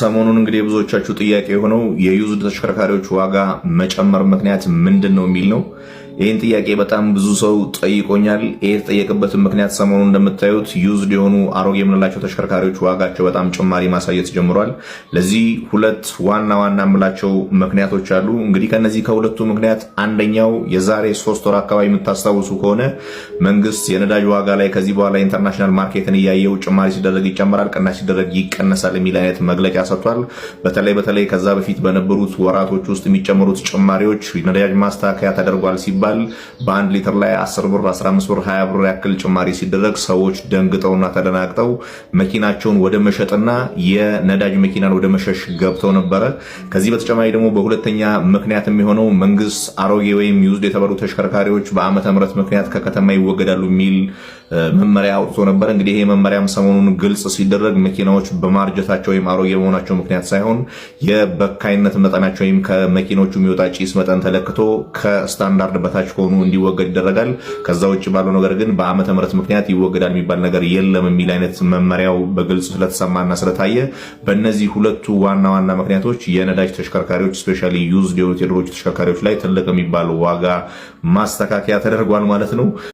ሰሞኑን እንግዲህ የብዙዎቻችሁ ጥያቄ የሆነው የዩዝድ ተሽከርካሪዎች ዋጋ መጨመር ምክንያት ምንድን ነው የሚል ነው። ይህን ጥያቄ በጣም ብዙ ሰው ጠይቆኛል። ይህ የተጠየቀበትን ምክንያት ሰሞኑ እንደምታዩት ዩዝድ የሆኑ አሮጌ የምንላቸው ተሽከርካሪዎች ዋጋቸው በጣም ጭማሪ ማሳየት ጀምሯል። ለዚህ ሁለት ዋና ዋና የምላቸው ምክንያቶች አሉ። እንግዲህ ከነዚህ ከሁለቱ ምክንያት አንደኛው የዛሬ ሶስት ወር አካባቢ የምታስታውሱ ከሆነ መንግስት የነዳጅ ዋጋ ላይ ከዚህ በኋላ ኢንተርናሽናል ማርኬትን እያየው ጭማሪ ሲደረግ ይጨምራል፣ ቅናሽ ሲደረግ ይቀነሳል የሚል አይነት መግለጫ ሰጥቷል። በተለይ በተለይ ከዛ በፊት በነበሩት ወራቶች ውስጥ የሚጨምሩት ጭማሪዎች ነዳጅ ማስተካከያ ተደርጓል ሲባል ሲባል በአንድ ሊትር ላይ 10 ብር፣ 15 ብር፣ 20 ብር ያክል ጭማሪ ሲደረግ ሰዎች ደንግጠውና ተደናግጠው መኪናቸውን ወደ መሸጥና የነዳጅ መኪናን ወደ መሸሽ ገብተው ነበረ። ከዚህ በተጨማሪ ደግሞ በሁለተኛ ምክንያት የሚሆነው መንግስት አሮጌ ወይም ዩዝድ የተባሉ ተሽከርካሪዎች በዓመተ ምሕረት ምክንያት ከከተማ ይወገዳሉ የሚል መመሪያ አውጥቶ ነበረ እንግዲህ ይሄ መመሪያም ሰሞኑን ግልጽ ሲደረግ መኪናዎች በማርጀታቸው ወይም አሮጌ በመሆናቸው ምክንያት ሳይሆን የበካይነት መጠናቸው ወይም ከመኪኖቹ የሚወጣ ጭስ መጠን ተለክቶ ከስታንዳርድ በታ በታች ከሆኑ እንዲወገድ ይደረጋል። ከዛ ውጭ ባለው ነገር ግን በዓመተ ምሕረት ምክንያት ይወገዳል የሚባል ነገር የለም የሚል አይነት መመሪያው በግልጽ ስለተሰማና ስለታየ በእነዚህ ሁለቱ ዋና ዋና ምክንያቶች የነዳጅ ተሽከርካሪዎች ስፔሻሊ ዩዝድ የሆኑ ተሽከርካሪዎች ላይ ትልቅ የሚባል ዋጋ ማስተካከያ ተደርጓል ማለት ነው።